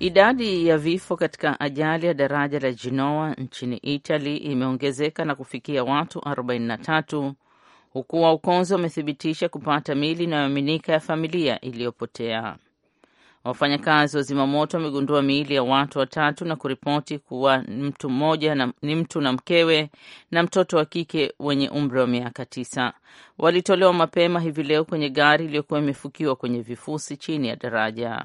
Idadi ya vifo katika ajali ya daraja la Jinoa nchini Italy imeongezeka na kufikia watu 43 huku waokozi wamethibitisha kupata mili inayoaminika ya familia iliyopotea. Wafanyakazi wa zimamoto wamegundua miili ya watu watatu na kuripoti kuwa mtu mmoja na, ni mtu na mkewe na mtoto wa kike wenye umri wa miaka tisa walitolewa mapema hivi leo kwenye gari iliyokuwa imefukiwa kwenye vifusi chini ya daraja.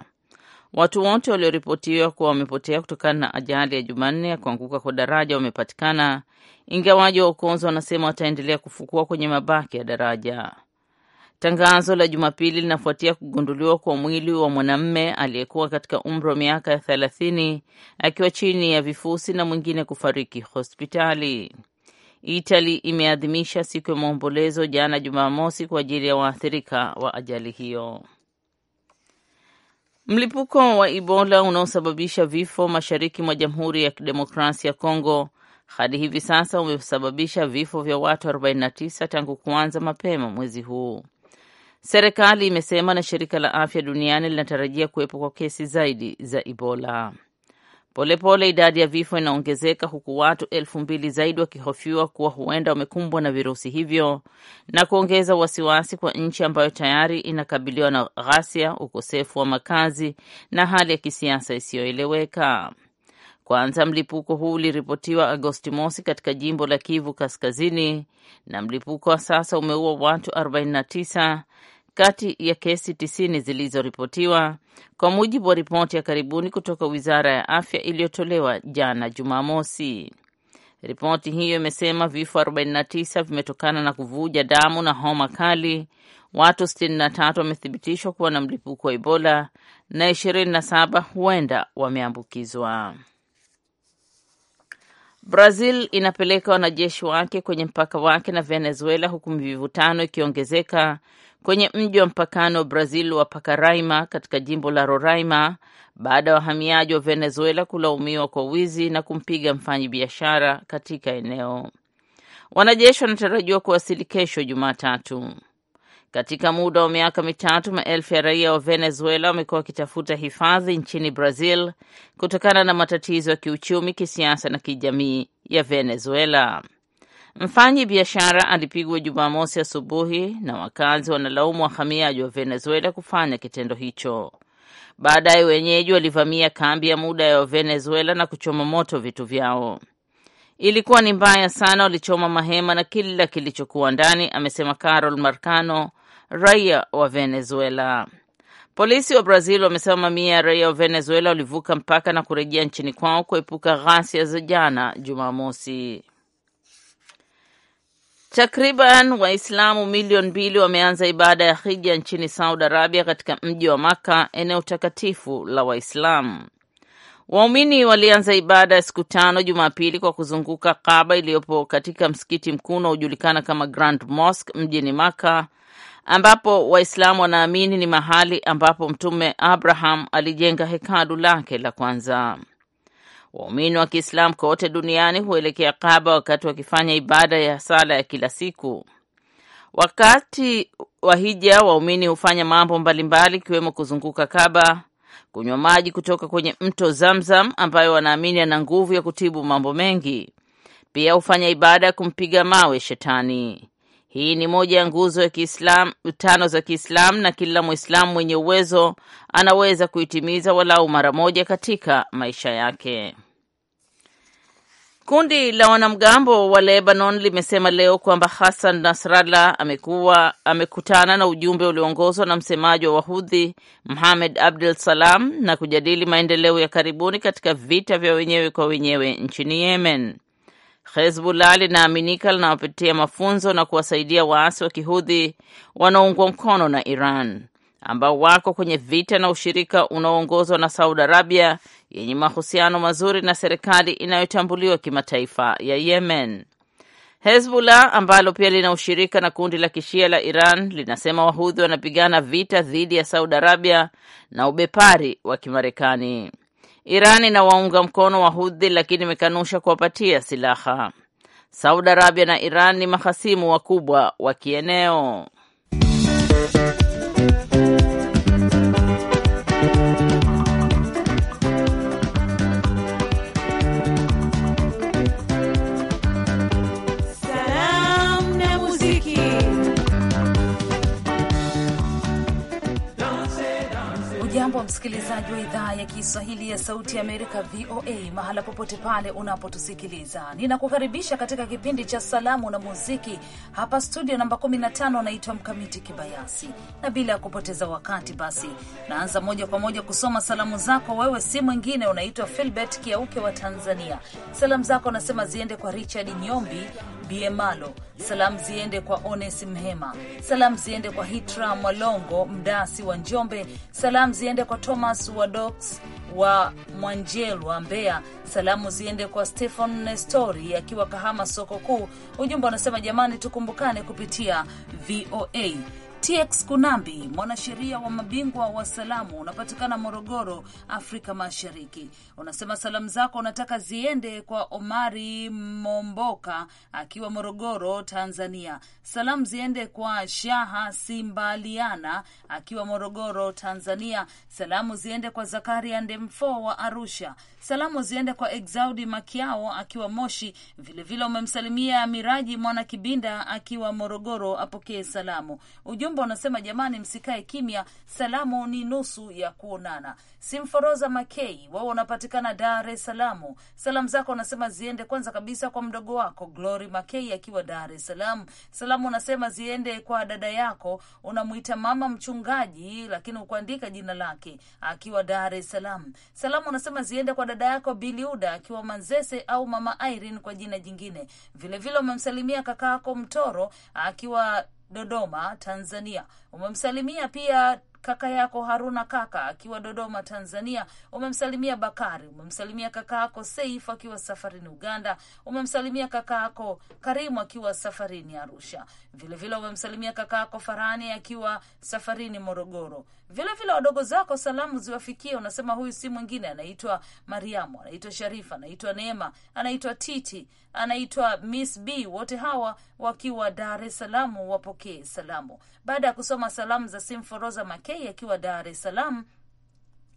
Watu wote walioripotiwa kuwa wamepotea kutokana na ajali ya Jumanne ya kuanguka kwa daraja wamepatikana, ingawaji waokozi wanasema wataendelea kufukua kwenye mabaki ya daraja. Tangazo la Jumapili linafuatia kugunduliwa kwa mwili wa mwanamme aliyekuwa katika umri wa miaka ya thelathini akiwa chini ya vifusi na mwingine kufariki hospitali. Itali imeadhimisha siku ya maombolezo jana Jumamosi kwa ajili ya waathirika wa ajali hiyo. Mlipuko wa Ebola unaosababisha vifo mashariki mwa Jamhuri ya Kidemokrasia ya Kongo hadi hivi sasa umesababisha vifo vya watu 49 tangu kuanza mapema mwezi huu. Serikali imesema na shirika la afya duniani linatarajia kuwepo kwa kesi zaidi za Ebola. Polepole idadi ya vifo inaongezeka huku watu elfu mbili zaidi wakihofiwa kuwa huenda wamekumbwa na virusi hivyo na kuongeza wasiwasi kwa nchi ambayo tayari inakabiliwa na ghasia, ukosefu wa makazi na hali ya kisiasa isiyoeleweka. Kwanza mlipuko huu uliripotiwa Agosti mosi katika jimbo la Kivu Kaskazini, na mlipuko wa sasa umeua watu 49 kati ya kesi tisini zilizoripotiwa kwa mujibu wa ripoti ya karibuni kutoka Wizara ya Afya iliyotolewa jana Jumamosi. Ripoti hiyo imesema vifo 49 vimetokana na kuvuja damu na homa kali. Watu 63 wamethibitishwa kuwa na mlipuko wa Ebola na 27 huenda wameambukizwa. Brazil inapeleka wanajeshi wake kwenye mpaka wake na Venezuela huku mivutano ikiongezeka kwenye mji wa mpakano Brazil wa Pakaraima katika jimbo la Roraima baada ya wahamiaji wa Venezuela kulaumiwa kwa wizi na kumpiga mfanyi biashara katika eneo. Wanajeshi wanatarajiwa kuwasili kesho Jumatatu. Katika muda wa miaka mitatu, maelfu ya raia wa Venezuela wamekuwa wakitafuta hifadhi nchini Brazil kutokana na matatizo ya kiuchumi, kisiasa na kijamii ya Venezuela. Mfanyi biashara alipigwa Jumamosi asubuhi na wakazi wanalaumu wahamiaji wa Venezuela kufanya kitendo hicho. Baadaye wenyeji walivamia kambi ya muda ya Venezuela na kuchoma moto vitu vyao. Ilikuwa ni mbaya sana, walichoma mahema na kila kilichokuwa ndani, amesema Carol Marcano, raia wa Venezuela. Polisi wa Brazil wamesema mamia ya raia wa Venezuela walivuka mpaka na kurejea nchini kwao kuepuka ghasia za jana Jumamosi. Takriban Waislamu milioni mbili wameanza ibada ya hija nchini Saudi Arabia, katika mji wa Makka, eneo takatifu la Waislamu. Waumini walianza ibada ya siku tano Jumapili kwa kuzunguka Kaaba iliyopo katika msikiti mkuu unaojulikana kama Grand Mosque mjini Makka, ambapo Waislamu wanaamini ni mahali ambapo Mtume Abraham alijenga hekalu lake la kwanza. Waumini wa Kiislamu kote duniani huelekea kaba wakati wakifanya ibada ya sala ya kila siku. Wakati wa hija, waumini hufanya mambo mbalimbali ikiwemo kuzunguka kaba kunywa maji kutoka kwenye mto Zamzam ambayo wanaamini ana nguvu ya kutibu mambo mengi. Pia hufanya ibada ya kumpiga mawe shetani. Hii ni moja ya nguzo ya Kiislamu tano za Kiislamu, na kila Mwislamu mwenye uwezo anaweza kuitimiza walau mara moja katika maisha yake. Kundi la wanamgambo wa Lebanon limesema leo kwamba Hassan Nasrallah amekuwa amekutana na ujumbe ulioongozwa na msemaji wa Wahudhi Mohamed Abdul Salam na kujadili maendeleo ya karibuni katika vita vya wenyewe kwa wenyewe nchini Yemen. Hezbollah linaaminika linawapatia mafunzo na kuwasaidia waasi wa Kihudhi wanaoungwa mkono na Iran ambao wako kwenye vita na ushirika unaoongozwa na Saudi Arabia yenye mahusiano mazuri na serikali inayotambuliwa kimataifa ya Yemen. Hezbollah ambalo pia lina ushirika na kundi la kishia la Iran linasema wahudhi wanapigana vita dhidi ya Saudi Arabia na ubepari wa Kimarekani. Iran inawaunga mkono wahudhi lakini imekanusha kuwapatia silaha. Saudi Arabia na Iran ni mahasimu wakubwa wa kieneo. msikilizaji wa idhaa ya Kiswahili ya Sauti ya Amerika, VOA, mahala popote pale unapotusikiliza. Ninakukaribisha katika kipindi cha Salamu na Muziki hapa studio namba 15. Anaitwa Mkamiti Kibayasi, na bila ya kupoteza wakati, basi naanza moja kwa moja kusoma salamu zako. Wewe si mwingine, unaitwa Filbert Kiauke wa Tanzania. Salamu zako nasema ziende kwa Richard Nyombi Biemalo. Salamu ziende kwa Ones Mhema. Salamu ziende kwa Hitra Mwalongo Mdasi wa Njombe. Salamu ziende kwa Thomas Wadox wa Mwanjelwa Mbeya. Salamu ziende kwa stehan Nestori akiwa Kahama soko kuu. Ujumbe unasema jamani, tukumbukane kupitia VOA. TX Kunambi, mwanasheria wa mabingwa wa salamu, unapatikana Morogoro, Afrika Mashariki, unasema salamu zako unataka ziende kwa Omari Momboka akiwa Morogoro, Tanzania. Salamu ziende kwa Shaha Simbaliana akiwa Morogoro, Tanzania. Salamu ziende kwa Zakaria Ndemfo wa Arusha. Salamu ziende kwa Exaudi Makiao akiwa Moshi. Vilevile umemsalimia Miraji Mwana Kibinda akiwa Morogoro, apokee salamu. Ujum Mwamba wanasema jamani, msikae kimya, salamu ni nusu ya kuonana. Simforoza Makei, wao wanapatikana Dar es Salaam. Salamu zako wanasema ziende kwanza kabisa kwa mdogo wako Glory Makei akiwa Dar es Salaam. Salamu unasema ziende kwa dada yako unamwita mama mchungaji, lakini ukuandika jina lake akiwa Dar es Salaam. Salamu unasema ziende kwa dada yako Biliuda akiwa Manzese au mama Irene kwa jina jingine. Vilevile umemsalimia kakaako Mtoro akiwa Dodoma, Tanzania. Umemsalimia pia kaka yako Haruna Kaka akiwa Dodoma, Tanzania. Umemsalimia Bakari, umemsalimia kaka yako Seif akiwa safarini Uganda, umemsalimia kaka yako Karimu akiwa safarini Arusha, vilevile umemsalimia kaka yako Farani akiwa safarini Morogoro. Vilevile wadogo zako salamu ziwafikie, unasema huyu si mwingine, anaitwa Mariamu, anaitwa Sharifa, anaitwa Neema, anaitwa Titi, anaitwa Miss B. Wote hawa wakiwa Dar es Salaam wapokee salamu. Baada ya kusoma salamu za Simforoza Make akiwa Dar es Salaam.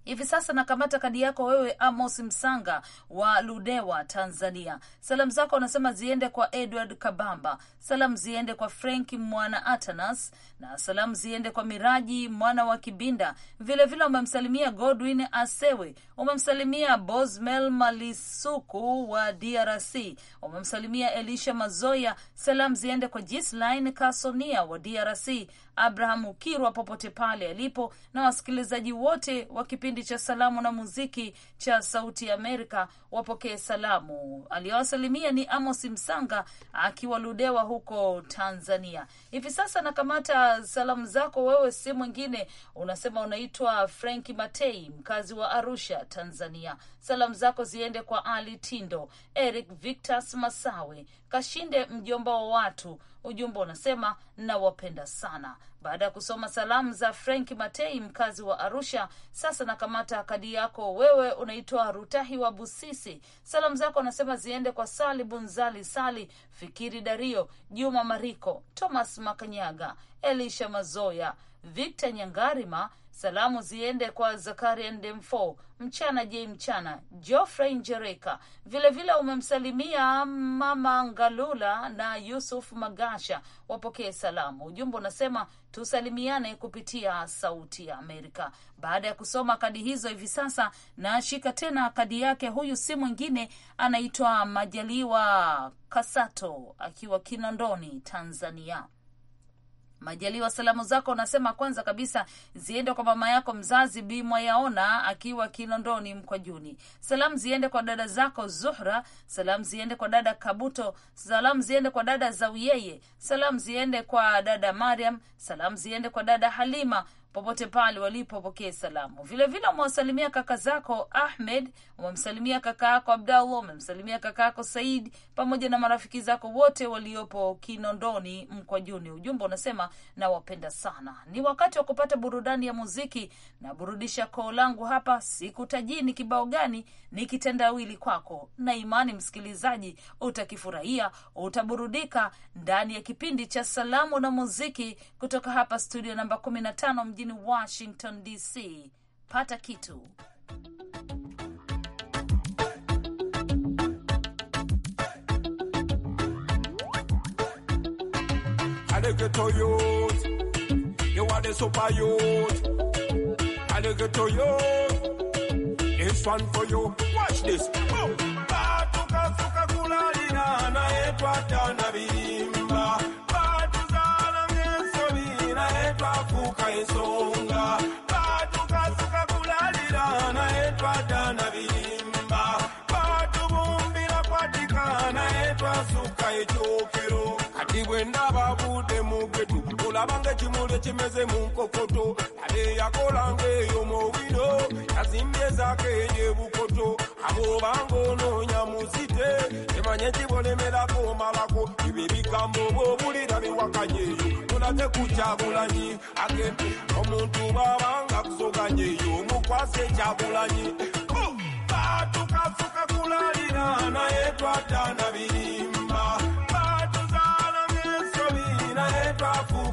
Hivi sasa nakamata kadi yako wewe, Amos Msanga wa Ludewa, Tanzania. Salamu zako anasema ziende kwa Edward Kabamba, salamu ziende kwa Frank mwana Atanas na salamu ziende kwa Miraji mwana wa Kibinda. Vilevile umemsalimia Godwin Asewe, umemsalimia Bosmel Malisuku wa DRC, umemsalimia Elisha Mazoya. Salamu ziende kwa Gisline Kasonia wa DRC, Abraham Ukirwa popote pale alipo na wasikilizaji wote wa kipindi cha salamu na muziki cha Sauti ya Amerika wapokee salamu. Aliyowasalimia ni Amos Msanga akiwa Ludewa huko Tanzania. Hivi sasa nakamata salamu zako wewe, si mwingine, unasema unaitwa Frank Matei, mkazi wa Arusha, Tanzania. Salamu zako ziende kwa Ali Tindo, Eric Victas Masawe, Kashinde mjomba wa watu. Ujumbe unasema nawapenda sana baada ya kusoma salamu za Frank Matei, mkazi wa Arusha. Sasa nakamata kadi yako wewe, unaitwa Rutahi wa Busisi. Salamu zako anasema ziende kwa Sali Bunzali, Sali Fikiri, Dario Juma, Mariko Thomas Makanyaga, Elisha Mazoya, Victor Nyangarima Salamu ziende kwa Zakaria Ndemfo, mchana je mchana, Geoffrey Njereka, vilevile umemsalimia mama Ngalula na Yusuf Magasha, wapokee salamu. Ujumbe unasema tusalimiane kupitia Sauti ya Amerika. Baada ya kusoma kadi hizo, hivi sasa nashika tena kadi yake. Huyu si mwingine, anaitwa Majaliwa Kasato akiwa Kinondoni, Tanzania. Majaliwa, salamu zako unasema kwanza kabisa ziende kwa mama yako mzazi Bi Mwayaona akiwa Kinondoni mkwa juni Salamu ziende kwa dada zako Zuhra, salamu ziende kwa dada Kabuto, salamu ziende kwa dada Zauyeye, salamu ziende kwa dada Mariam, salamu ziende kwa dada Halima popote pale walipopokea salamu. Vilevile umewasalimia kaka zako Ahmed, umemsalimia kaka yako Abdallah, umemsalimia kaka yako Said pamoja na marafiki zako wote waliopo Kinondoni Mkwajuni. Ujumbe unasema nawapenda sana. Ni wakati wa kupata burudani ya muziki na burudisha koo langu hapa, sikutajii ni kibao gani, ni kitendawili kwako, na imani msikilizaji utakifurahia, utaburudika ndani ya kipindi cha salamu na muziki kutoka hapa studio namba 15 mjini mjini Washington DC. Pata kitu Alligator youth, you are the super youth. Alligator youth, it's fun for you. Watch this. abanga ekimuli ekimeze mu nkokoto ale yakolanga eyo mowino yazimbye zaka ejebukoto abobanga ononya muzite emanye kibolemerako malako ibi bigambo bobulira biwakanye eyo tunate kukyabulanyi agembe omuntu bwabanga kusoganye eyo omukwasa ekyabulanyi batukasuka kulalira naye twatanabirimba batuzala mesobi naye twafu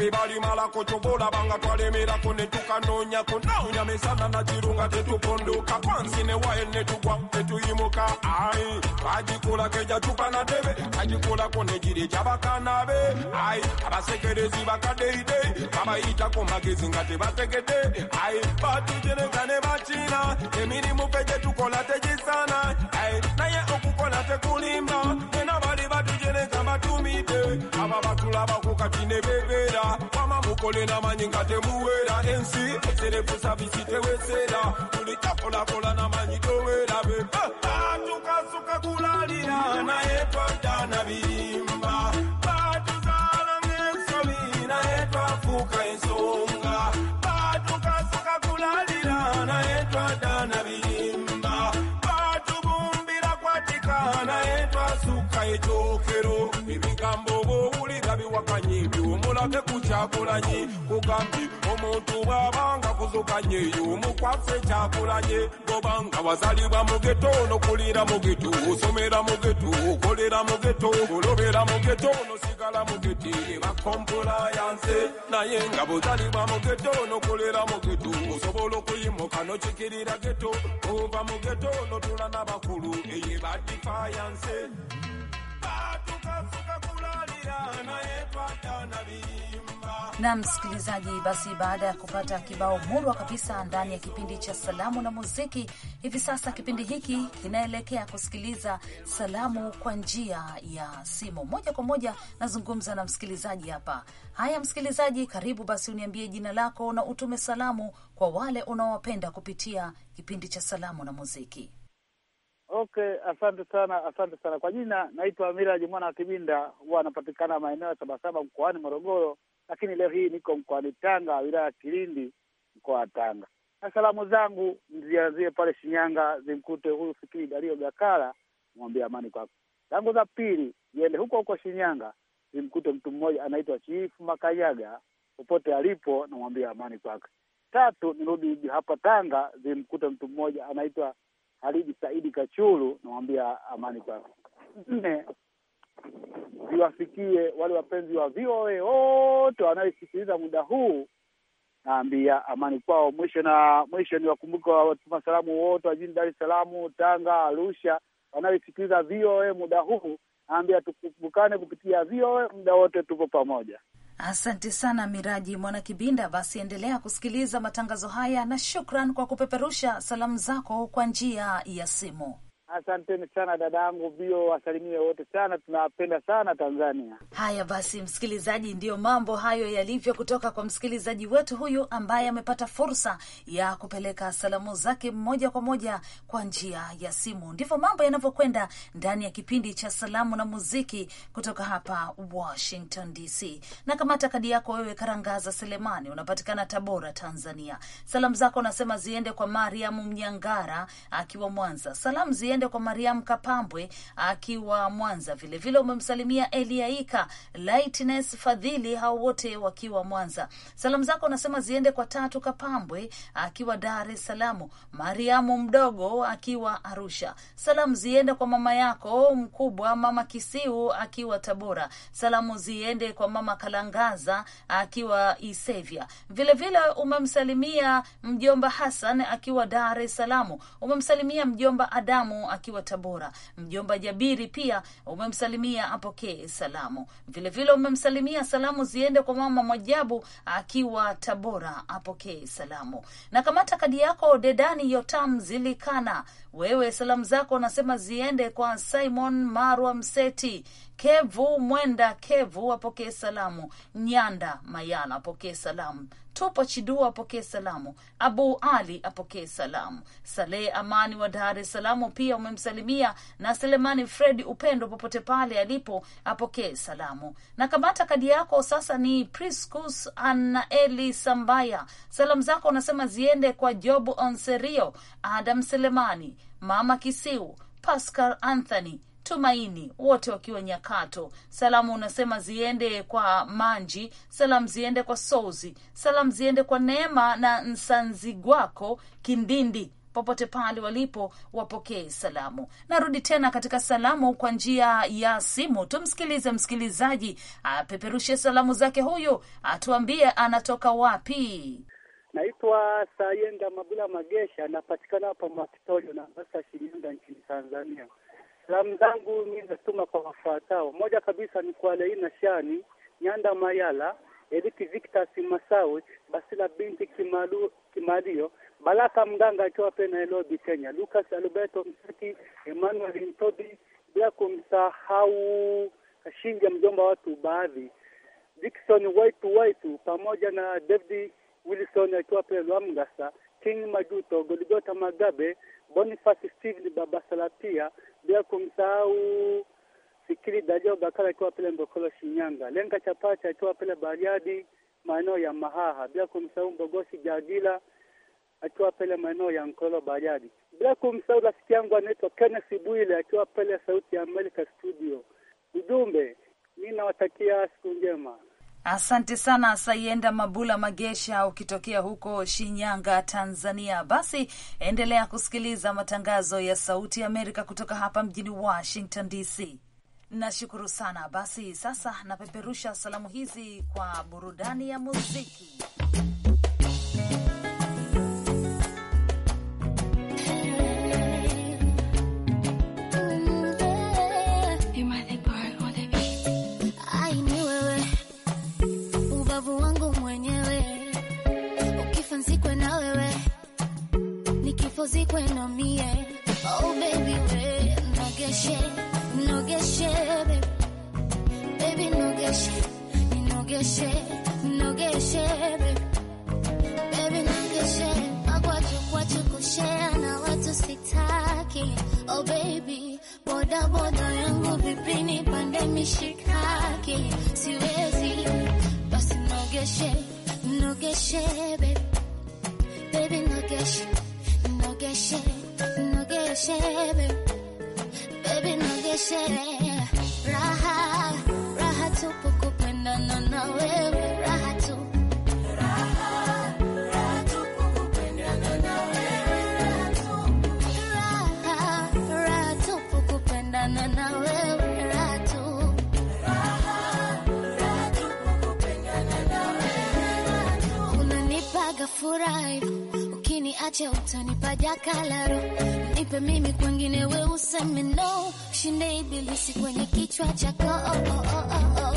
bibalima la kuchubula banga twalemera ko ne tukanoonya ko nawunya misana na kirunga tetuponduka kwansi ne waye ne tugwa tetuyimuka ai kagikula keja tupa na tebe kagikula ko ne jiri ja bakana be ai abasekerezi bakadeidei babayita ko magezi nga tebategede ai batujereka ne bachina emirimu pe gye tukola tegisana ai naye okukola tekulimba kolena manyinga temuwera ensi eserepusa bisitewesera tulitakolakola na manyi towera be batukasuka kulalira naye twadana birimba batuzaala ng'ensobi naye twafuuka ensonga batukasuka kulalira naye birimba batubumbira kwatika naye twasuka kyakulanye kugambi omuntu bwabanga kuzukanye yomukwaffe kyakulanye gobanga wazalibwa mugeto nokulira mugeto osomera mugeto okolera mugeto olobera mugeto nosigala mugeti bakompulayanse naye nga bozalibwa mugeto nokulira mugeto osobola okuyimuka nokikirira geto ova mugeto notula nabakulu eyebadifayanse na msikilizaji, basi baada ya kupata kibao murwa kabisa ndani ya kipindi cha salamu na muziki, hivi sasa kipindi hiki kinaelekea kusikiliza salamu kwa njia ya simu moja kwa moja. Nazungumza na msikilizaji hapa. Haya msikilizaji, karibu basi, uniambie jina lako na utume salamu kwa wale unaowapenda kupitia kipindi cha salamu na muziki. Okay, asante sana, asante sana kwa jina. Naitwa Miraji mwana wa Kibinda, huwa anapatikana maeneo ya Sabasaba mkoani Morogoro lakini leo hii niko mkoani Tanga, wilaya ya Kilindi, mkoa wa Tanga, na salamu zangu zianzie pale Shinyanga, zimkute huyu Fikiri Dario Gakala, mwambie amani kwako. Zangu za pili ziende huko huko Shinyanga, zimkute mtu mmoja anaitwa Chifu Makanyaga, popote alipo namwambia amani kwake. Tatu nirudi hapa Tanga, zimkute mtu mmoja anaitwa Halidi Saidi Kachuru, namwambia amani kwake. Nne iwafikie wale wapenzi wa VOA wote wanaoisikiliza muda huu. Naambia amani kwao. Mwisho na mwisho, ni wakumbuke watuma salamu wote wa jijini Dar es Salaam, Tanga, Arusha wanaoisikiliza VOA muda huu. Naambia tukumbukane kupitia VOA muda wote, tupo pamoja. Asante sana Miraji Mwana Kibinda. Basi endelea kusikiliza matangazo haya na shukran kwa kupeperusha salamu zako kwa njia ya simu. Asanteni sana dada yangu Bio, wasalimie wote sana, tunawapenda sana Tanzania. Haya basi, msikilizaji, ndiyo mambo hayo yalivyo kutoka kwa msikilizaji wetu huyu ambaye amepata fursa ya kupeleka salamu zake moja kwa moja kwa njia ya simu. Ndivyo mambo yanavyokwenda ndani ya kipindi cha salamu na muziki kutoka hapa Washington DC. Na kamata kadi yako wewe, Karangaza Selemani, unapatikana Tabora, Tanzania. Salamu zako unasema ziende kwa Mariamu Mnyangara akiwa Mwanza. Salamu ziende unakwenda kwa Mariam Kapambwe akiwa Mwanza, vilevile umemsalimia Eliaika Lightness Fadhili, hao wote wakiwa Mwanza. Salamu zako unasema ziende kwa Tatu Kapambwe akiwa Dar es Salaam, Mariamu mdogo akiwa Arusha. Salamu ziende kwa mama yako mkubwa, mama Kisiu akiwa Tabora. Salamu ziende kwa mama Kalangaza akiwa Isevya. Vilevile umemsalimia mjomba Hassan akiwa Dar es Salaam. Umemsalimia mjomba Adamu akiwa Tabora. Mjomba Jabiri pia umemsalimia apokee salamu, vilevile umemsalimia salamu ziende kwa mama Mwajabu akiwa Tabora, apokee salamu. Na kamata kadi yako Dedani Yotam Zilikana, wewe salamu zako unasema ziende kwa Simon Marwa Mseti Kevu Mwenda Kevu apokee salamu. Nyanda Mayala apokee salamu. Tupo Chidua apokee salamu. Abu Ali apokee salamu. Saleh Amani wa Dar es Salaam pia umemsalimia, na Selemani Fredi Upendo popote pale alipo apokee salamu. Na kamata kadi yako sasa, ni Priscus Anaeli Sambaya. Salamu zako unasema ziende kwa Jobu Onserio, Adam Selemani, Mama Kisiu, Pascal Anthony Tumaini wote wakiwa Nyakato. Salamu unasema ziende kwa Manji, salamu ziende kwa Souzi, salamu ziende kwa Neema na Nsanzigwako Kindindi popote pale walipo wapokee salamu. Narudi tena katika salamu kwa njia ya simu, tumsikilize msikilizaji apeperushe salamu zake, huyu atuambie anatoka wapi. Naitwa Sayenda Mabula Magesha, napatikana hapa Mwakitorio na Mbasa, Shinyanga nchini Tanzania. Salamu zangu mimi natuma kwa wafuatao. Moja kabisa ni kwa Leina Shani Nyanda Mayala, Edith Victor Simasawi, Basila binti Kimalu, Kimalio, Baraka Mganga akiwa pe Nairobi, Kenya, Lucas Alberto Msaki, Emmanuel Ntobi, bila kumsahau Kashinja mjomba watu baadhi, Dickson Waitu Waitu pamoja na David Wilson akiwa pe Lwamgasa, King Majuto, Goligota Magabe Boniface baba Babasalatia, bila kumsahau Fikiri Daja Bakala akiwa pale Mbokolo Shinyanga, Lenga Chapacha akiwa pale Bariadi maeneo ya Mahaha, bila kumsahau Mbogosi Jagila akiwa pale maeneo ya Nkolo Bariadi, bila kumsahau rafiki yangu anaitwa Kenneth Bwile akiwa pale Sauti ya Amerika studio. Ujumbe, mimi nawatakia siku njema. Asante sana Sayenda Mabula Magesha, ukitokea huko Shinyanga, Tanzania. Basi endelea kusikiliza matangazo ya Sauti ya Amerika kutoka hapa mjini Washington DC. Nashukuru sana. Basi sasa napeperusha salamu hizi kwa burudani ya muziki. music when I'm furahi, ukiniacha utanipa jakalaro, nipe mimi kwengine, we useme no, shinde ibilisi kwenye kichwa chako. Oh, oh, oh, oh.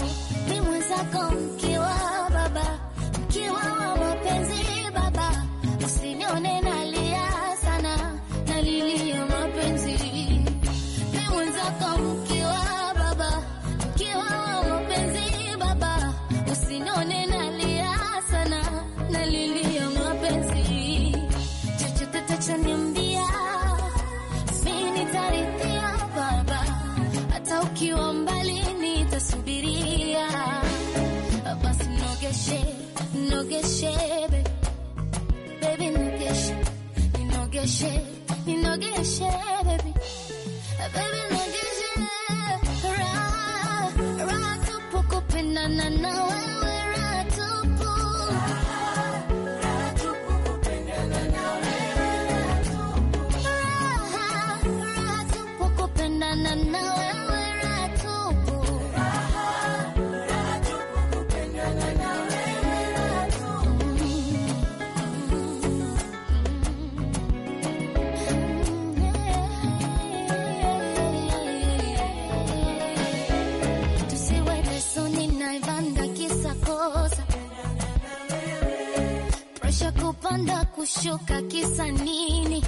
Mi oh. mwenzako mkiwa baba na know. kushuka kisa nini?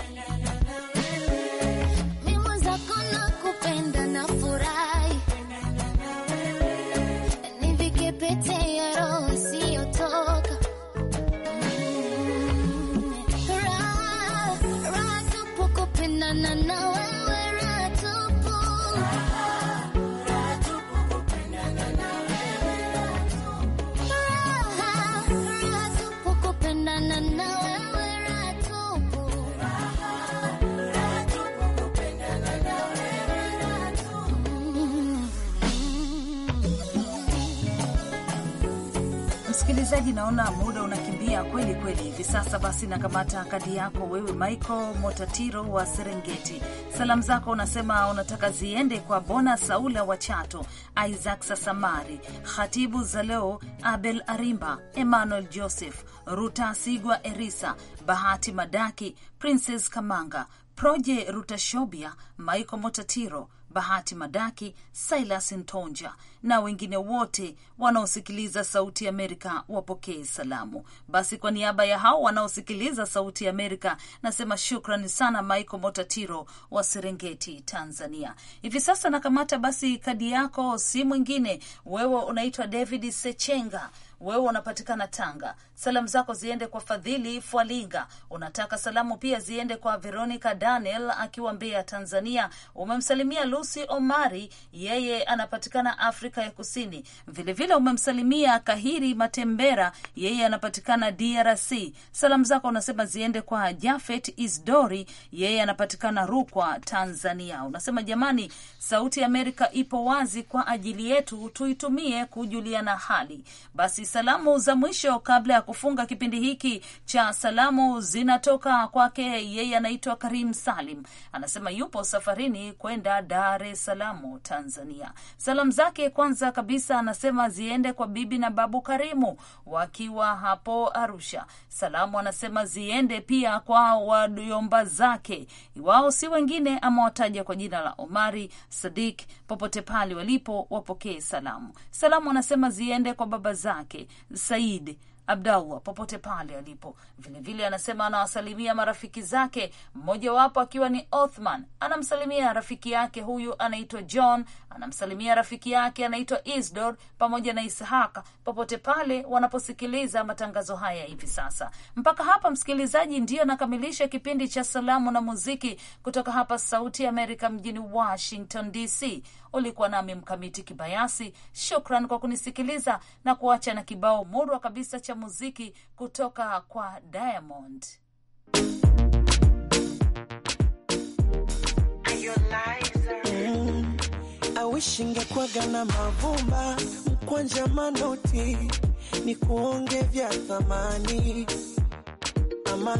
naona muda unakimbia kweli kweli hivi sasa. Basi nakamata kadi yako wewe, Michael Motatiro wa Serengeti. Salamu zako unasema unataka ziende kwa Bona Saula wa Chato, Isaac Sasamari, Khatibu Zaleo, Abel Arimba, Emmanuel Joseph, Ruta Sigwa, Erisa Bahati Madaki, Princess Kamanga Proje Rutashobia, Maiko Motatiro, Bahati Madaki, Silas Ntonja na wengine wote wanaosikiliza Sauti ya Amerika wapokee salamu. Basi kwa niaba ya hao wanaosikiliza Sauti ya Amerika nasema shukrani sana Maiko Motatiro wa Serengeti, Tanzania. Hivi sasa nakamata basi kadi yako, si mwingine wewe unaitwa David Sechenga wewe unapatikana Tanga. Salamu zako ziende kwa Fadhili Fwalinga, unataka salamu pia ziende kwa Veronica Daniel akiwa Mbeya, Tanzania. Umemsalimia Lucy Omari, yeye anapatikana Afrika ya Kusini. Vilevile vile umemsalimia Kahiri Matembera, yeye anapatikana DRC. Salamu zako unasema ziende kwa Jafet Isdori, yeye anapatikana Rukwa, Tanzania. Unasema jamani, Sauti ya Amerika ipo wazi kwa ajili yetu, tuitumie kujuliana hali. Basi salamu za mwisho kabla ya kufunga kipindi hiki cha salamu zinatoka kwake. Yeye anaitwa Karim Salim, anasema yupo safarini kwenda Dar es Salaam, Tanzania. Salamu zake kwanza kabisa anasema ziende kwa bibi na babu Karimu wakiwa hapo Arusha. Salamu anasema ziende pia kwa wadomba zake, wao si wengine amewataja kwa jina la Omari Sadik popote pale walipo, wapokee salamu. Salamu anasema ziende kwa baba zake Said Abdallah popote pale alipo. Vilevile anasema anawasalimia marafiki zake, mmojawapo akiwa ni Othman. Anamsalimia rafiki yake huyu anaitwa John, anamsalimia rafiki yake anaitwa Isdor pamoja na Ishaka popote pale wanaposikiliza matangazo haya hivi sasa. Mpaka hapa, msikilizaji, ndiyo anakamilisha kipindi cha salamu na muziki kutoka hapa Sauti ya Amerika mjini Washington DC. Ulikuwa nami Mkamiti Kibayasi. Shukran kwa kunisikiliza na kuacha na kibao murwa kabisa cha muziki kutoka kwa Diamond. Mm. awishi ngekwaga na mavumba mkwanja manoti ni kuonge vya thamani ama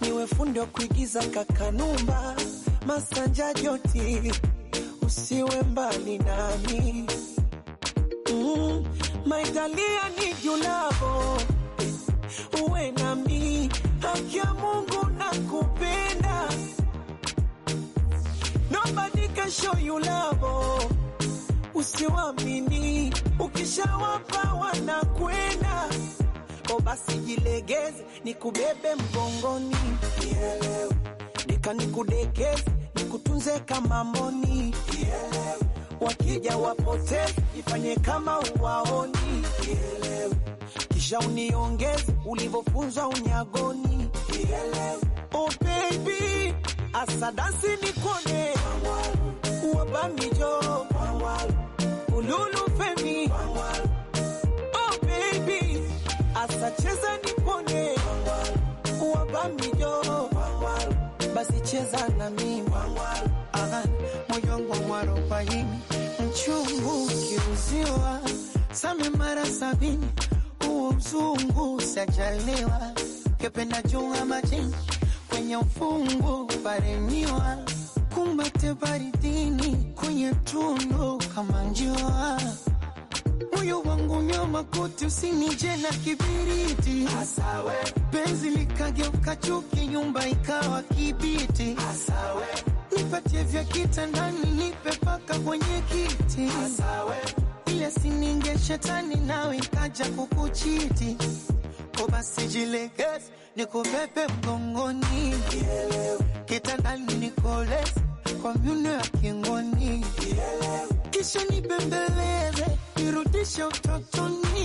niwe fundi wa kuigiza kakanumba masanja joti usiwe mbali nami mm, my darling, I need you love, uwe nami, haki ya Mungu nakupenda, nobody can show you love, usiwamini, ukishawapa wanakwenda. O, oh, basi jilegeze, nikubebe mgongoni, nikudekeze kutunze kama moni Wakija wapote ifanye kama uwaoni Kisha uniongeze ulivyofunzwa unyagoni Oh baby asadasi nikone uwabamijo ululu femi oh baby asacheza nikone uwabamijo basi cheza na mimi moyo wangu wa arobaini mchungu kiuziwa same mara sabini huo mzungu sajaliwa kependa jua majini kwenye ufungu pareniwa kumbate baridini kwenye tundu kama njua moyo wangu nyama kote, usinije na kibiriti, penzi likageuka chuki, nyumba ikawa kibiti, nipatie vya kitandani, nipe paka kwenye kiti, ile sininge shetani, nawe ikaja kukuchiti basi jilegeze, nikubebe mgongoni, kitandani nikolezi kwa myuno ya kingoni, kisha nibembeleze nirudishe utotoni,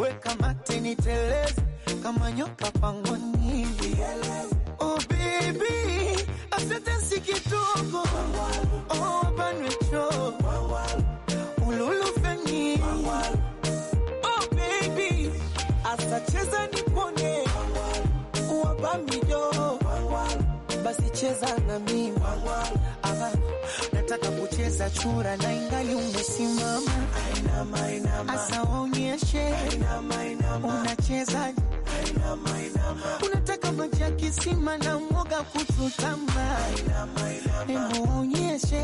weka mate niteleze kama nyoka pangoni. Oh baby, asetensi kidogo oh banwecho ululufeni oh baby, asacheza nipone uwabami basi cheza na mimi ama nataka kucheza chura na ingali umesimama, asaonyeshe unacheza sima na mwoga kuchutama, hebu onyeshe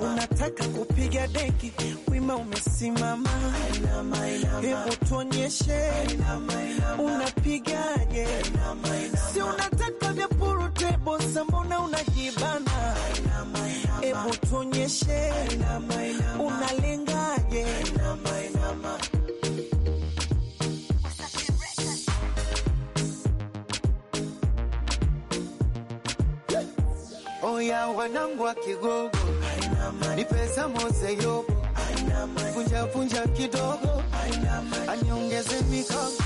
unataka kupiga deki, wima umesimama, hebu tuonyeshe unapigaje, si unataka vya puru tebo sambona unajibana, hebu tuonyeshe unalengaje ya wanangu wa kigogo ni pesa moze yobo, funja funja kidogo aniongeze mikono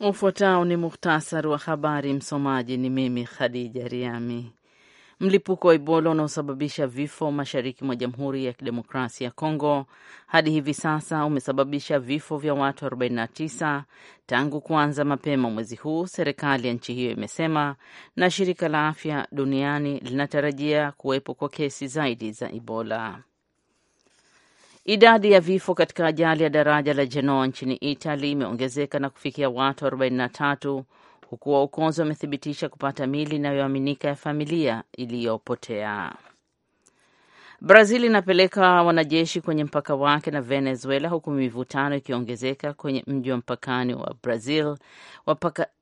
Ufuatao ni muhtasari wa habari. Msomaji ni mimi Khadija Riami mlipuko wa Ebola unaosababisha vifo mashariki mwa Jamhuri ya Kidemokrasia ya Kongo hadi hivi sasa umesababisha vifo vya watu 49 tangu kuanza mapema mwezi huu, serikali ya nchi hiyo imesema, na shirika la afya duniani linatarajia kuwepo kwa kesi zaidi za Ebola. Idadi ya vifo katika ajali ya daraja la Genoa nchini Italy imeongezeka na kufikia watu 43 huku waokozi wamethibitisha kupata mili inayoaminika ya familia iliyopotea. Brazil inapeleka wanajeshi kwenye mpaka wake na Venezuela huku mivutano ikiongezeka kwenye mji wa mpakani wa Brazil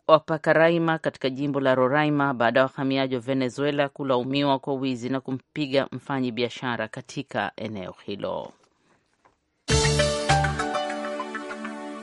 wa Pacaraima katika jimbo la Roraima baada ya wahamiaji wa Venezuela kulaumiwa kwa wizi na kumpiga mfanyi biashara katika eneo hilo.